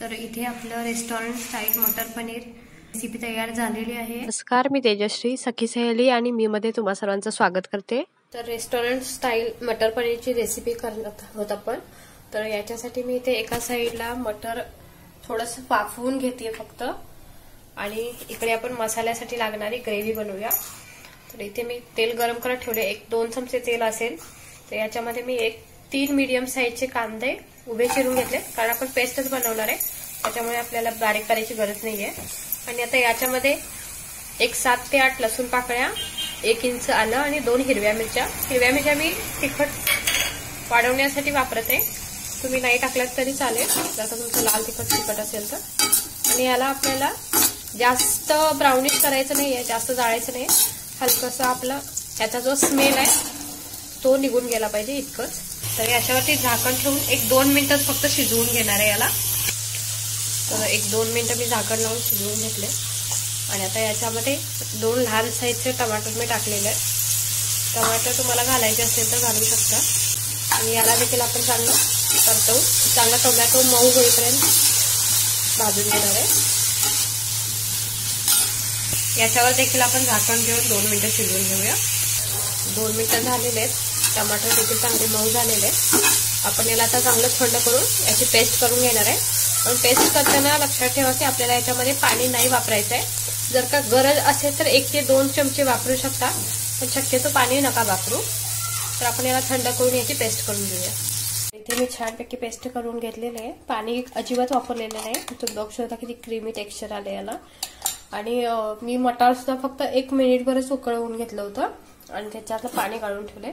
तर इथे आपलं रेस्टॉरंट स्टाईल मटर पनीर रेसिपी तयार झालेली आहे नमस्कार मी तेजश्री सखी सहेली आणि मी मध्ये तुम्हा सर्वांचं स्वागत करते तर रेस्टॉरंट स्टाईल मटर पनीरची रेसिपी करत होत आपण तर याच्यासाठी मी इथे एका साईडला मटर थोडंसं पाफवून घेते फक्त आणि इकडे आपण मसाल्यासाठी लागणारी ग्रेव्ही बनवूया तर इथे मी तेल गरम करत ठेवले एक दोन चमचे तेल असेल तर याच्यामध्ये मी एक तीन मीडियम साईजचे कांदे उभे चिरून घेतले कारण आपण पेस्टच बनवणार आहे त्याच्यामुळे आपल्याला बारीक करायची गरज नाही आहे आणि आता याच्यामध्ये एक सात ते आठ लसूण पाकळ्या एक इंच आलं आणि दोन हिरव्या मिरच्या हिरव्या मिरच्या मी तिखट वाढवण्यासाठी वापरते तुम्ही नाही टाकल्यात तरी चालेल जसं तुमचं लाल तिखट तिखट असेल तर आणि याला आपल्याला जास्त ब्राउनिश करायचं नाही आहे जास्त जाळायचं नाही हलकंसं आपला याचा जो स्मेल आहे तो निघून गेला पाहिजे इतकंच तर याच्यावरती झाकण ठेवून एक दोन मिनिटच फक्त शिजवून घेणार आहे याला तर एक दोन मिनिटं मी झाकण लावून शिजवून घेतले आणि आता याच्यामध्ये दोन लहान साईजचे टमाटर मी टाकलेले आहेत टमाटर तुम्हाला घालायचे असेल तर घालू शकता आणि याला देखील आपण चांगलं करतो चांगला टोमॅटो मऊ होईपर्यंत भाजून घेणार आहे याच्यावर देखील आपण झाकण घेऊन दोन मिनटं शिजवून घेऊया दोन मिनटं झालेले आहेत टमाटर देखील चांगले मऊ झालेले आहेत आपण याला आता चांगलं थंड करून याची पेस्ट करून घेणार आहे पण पेस्ट करताना लक्षात ठेवा की आपल्याला याच्यामध्ये पाणी नाही वापरायचं आहे जर का गरज असेल तर एक ते दोन चमचे वापरू शकता पण शक्यतो पाणी नका वापरू तर आपण याला थंड करून याची पेस्ट करून घेऊया इथे मी छानपैकी पेस्ट करून घेतलेले आहे पाणी अजिबात वापरलेलं नाही तुम्ही बघू शकता किती क्रीमी टेक्स्चर आले याला आणि मी मटारसुद्धा फक्त एक मिनिटभरच उकळवून घेतलं होतं आणि त्याच्यातलं पाणी काढून ठेवले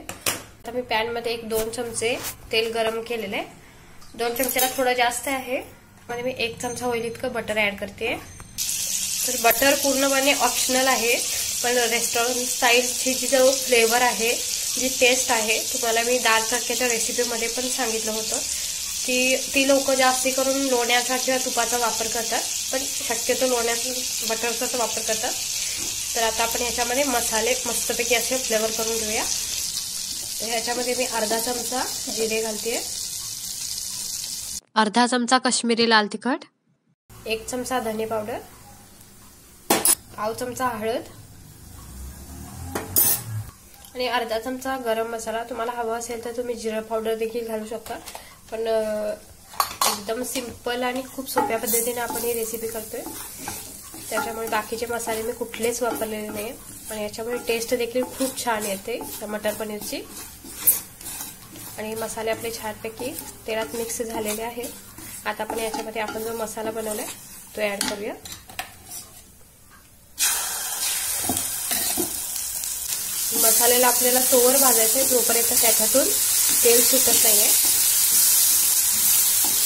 आता मी पॅनमध्ये एक दोन चमचे तेल गरम केलेले दोन चमचेला थोडं जास्त आहे म्हणजे मी एक चमचा होईल इतकं बटर ॲड करते तर बटर पूर्णपणे ऑप्शनल आहे पण रेस्टॉरंट स्टाईलची जी जो फ्लेवर आहे जी टेस्ट आहे तुम्हाला मी दाल चाक्याच्या रेसिपीमध्ये पण सांगितलं होतं की ती लोक जास्ती करून लोण्याचा किंवा तुपाचा वापर करतात पण शक्यतो लोण्याचा बटरचाच वापर करतात तर आता आपण ह्याच्यामध्ये मसाले मस्तपैकी असे फ्लेवर करून घेऊया तर ह्याच्यामध्ये मी अर्धा चमचा जिरे घालते अर्धा चमचा कश्मीरी लाल तिखट एक चमचा धने पावडर पाव चमचा हळद आणि अर्धा चमचा गरम मसाला तुम्हाला हवा असेल तर तुम्ही जिरा पावडर देखील घालू शकता पण एकदम सिंपल आणि खूप सोप्या पद्धतीने आपण ही रेसिपी करतोय त्याच्यामुळे बाकीचे मसाले मी कुठलेच वापरलेले नाही आणि याच्यामुळे टेस्ट देखील खूप छान येते मटर पनीरची आणि मसाले आपले छानपैकी तेलात मिक्स झालेले आहेत आता पण याच्यामध्ये आपण जो मसाला बनवलाय तो ऍड करूया मसाल्याला आपल्याला तोवर भाजायचं जोपर्यंत त्याच्यातून तेल सुटत नाही आहे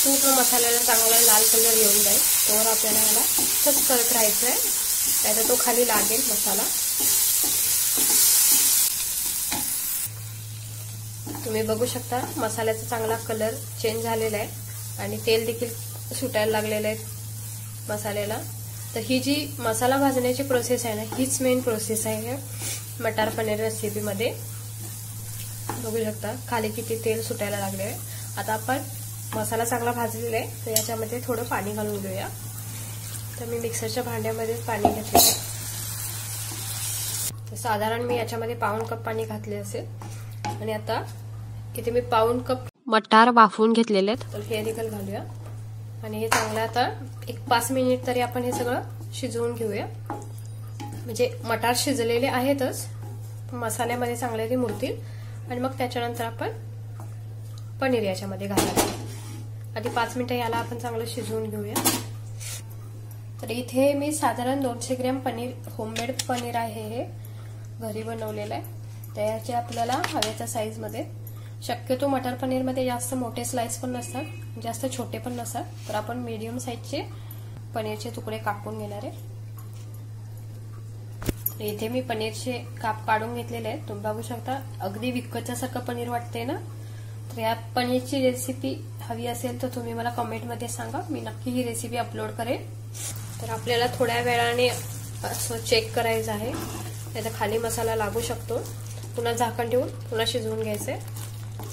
पूर्ण मसाल्याला चांगला लाल कलर येऊन जाईल तोवर आपल्याला याला सच करत राहायचं आहे त्याचा तो खाली लागेल मसाला तुम्ही बघू शकता मसाल्याचा चांगला कलर चेंज झालेला आहे आणि तेल देखील सुटायला लागलेलं आहे मसाल्याला तर ही जी मसाला भाजण्याची प्रोसेस आहे ना हीच मेन प्रोसेस आहे मटार पनीर रेसिपीमध्ये बघू शकता खाली किती तेल सुटायला लागले आहे आता आपण मसाला चांगला भाजलेला आहे तर याच्यामध्ये थोडं पाणी घालून घेऊया तर मी मिक्सरच्या भांड्यामध्येच पाणी तो साधारण मी याच्यामध्ये पाऊन कप पाणी घातले असेल आणि आता इथे मी पाऊन कप मटार वाफवून घेतलेले आहेत तर हे देखील घालूया आणि हे चांगलं आता एक पाच मिनिट तरी आपण हे सगळं शिजवून घेऊया म्हणजे मटार शिजलेले आहेतच मसाल्यामध्ये चांगले ते मुरतील आणि मग त्याच्यानंतर आपण पनीर याच्यामध्ये घालायला आधी पाच मिनटं याला आपण चांगलं शिजवून घेऊया तर इथे मी साधारण दोनशे ग्रॅम पनीर होममेड पनीर आहे हे घरी बनवलेलं आहे त्याचे आपल्याला हव्याच्या साईजमध्ये शक्यतो मटर पनीरमध्ये जास्त मोठे स्लाइस पण नसतात जास्त छोटे पण नसतात तर आपण मीडियम साईजचे पनीरचे तुकडे कापून घेणार आहे इथे मी पनीरचे काप काढून घेतलेले आहेत तुम्ही बघू शकता अगदी विकतच्यासारखं पनीर वाटतंय ना तर या पनीरची रेसिपी हवी असेल तर तुम्ही मला कमेंटमध्ये सांगा मी नक्की ही रेसिपी अपलोड करेन तर आपल्याला थोड्या वेळाने असं चेक करायचं आहे नाही खाली मसाला लागू शकतो पुन्हा झाकण ठेवून पुन्हा शिजवून घ्यायचं आहे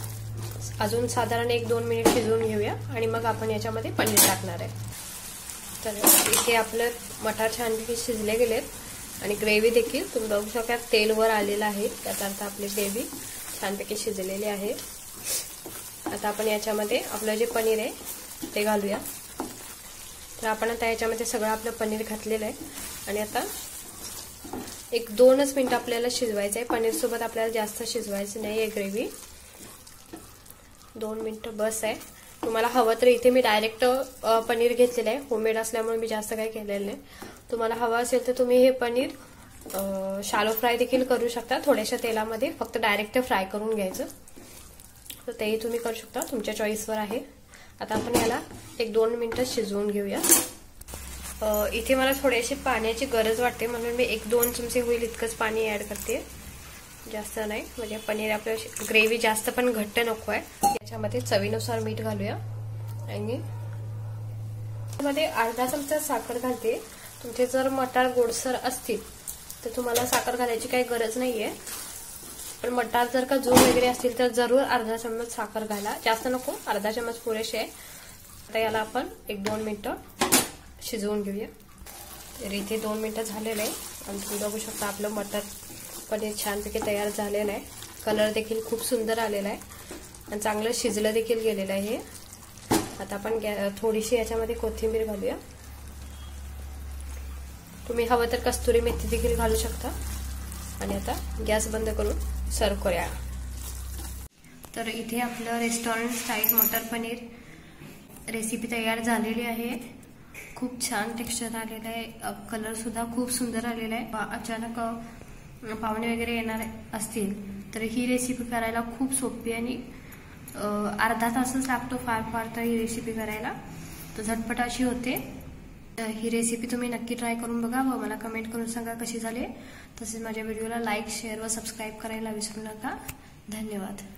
अजून साधारण एक दोन मिनिट शिजवून घेऊया आणि मग आपण याच्यामध्ये पनीर टाकणार आहे तर इथे आपलं मटार छानपैकी शिजले गेलेत आणि ग्रेव्ही देखील तुम्ही बघू शकता तेलवर आलेलं आहे त्याचा अर्थ आपली ग्रेव्ही छानपैकी शिजलेली आहे आता आपण याच्यामध्ये आपलं जे पनीर आहे ते घालूया तर आपण आता याच्यामध्ये सगळं आपलं पनीर घातलेलं आहे आणि आता एक दोनच मिनटं आपल्याला शिजवायचं आहे पनीरसोबत आपल्याला जास्त शिजवायचं नाही आहे ग्रेव्ही दोन मिनटं बस आहे तुम्हाला हवं तर इथे मी डायरेक्ट पनीर घेतलेलं आहे होममेड असल्यामुळे मी जास्त काही केलेलं नाही तुम्हाला हवं असेल तर तुम्ही हे पनीर शालो फ्राय देखील करू शकता थोड्याशा तेलामध्ये फक्त डायरेक्ट फ्राय करून घ्यायचं तर तेही तुम्ही करू शकता तुमच्या चॉईसवर आहे आता आपण याला एक दोन मिनटं शिजवून घेऊया इथे मला थोडेसे पाण्याची गरज वाटते म्हणून मी एक दोन चमचे होईल इतकंच पाणी ॲड करते जास्त नाही म्हणजे पनीर आपल्या ग्रेव्ही जास्त पण घट्ट नको आहे याच्यामध्ये चवीनुसार मीठ घालूया आणि मध्ये अर्धा चमचा साखर घालते तुमचे जर मटार गोडसर असतील तर तुम्हाला साखर घालायची काही गरज नाही आहे पण मटार जर का जो वगैरे असतील तर जरूर अर्धा चम्मच साखर घाला जास्त नको अर्धा चम्मच पुरेसे आहे आता याला आपण एक दोन मिनटं शिजवून घेऊया तर इथे दोन मिनटं झालेलं आहे आणि तुम्ही बघू शकता आपलं मटर पनीर छानपैकी तयार झालेलं आहे कलर देखील खूप सुंदर आलेला आहे आणि चांगलं शिजलं देखील गेलेलं आहे आता आपण थोडीशी याच्यामध्ये कोथिंबीर घालूया तुम्ही हवं तर कस्तुरी मेथी देखील घालू शकता आणि आता गॅस बंद करून सर्व करूया तर इथे आपलं रेस्टॉरंट स्टाईल मटर पनीर रेसिपी तयार झालेली आहे खूप छान टेक्स्चर आलेलं आहे कलर सुद्धा खूप सुंदर आलेला आहे अचानक पाहुणे वगैरे येणार असतील तर ही रेसिपी करायला खूप सोपी आणि अर्धा तासच लागतो फार फार तर ही रेसिपी करायला तर झटपट अशी होते ही रेसिपी तुम्ही नक्की ट्राय करून बघा व मला कमेंट करून सांगा कशी झाली तसेच माझ्या व्हिडिओला लाईक शेअर व सबस्क्राईब करायला विसरू नका धन्यवाद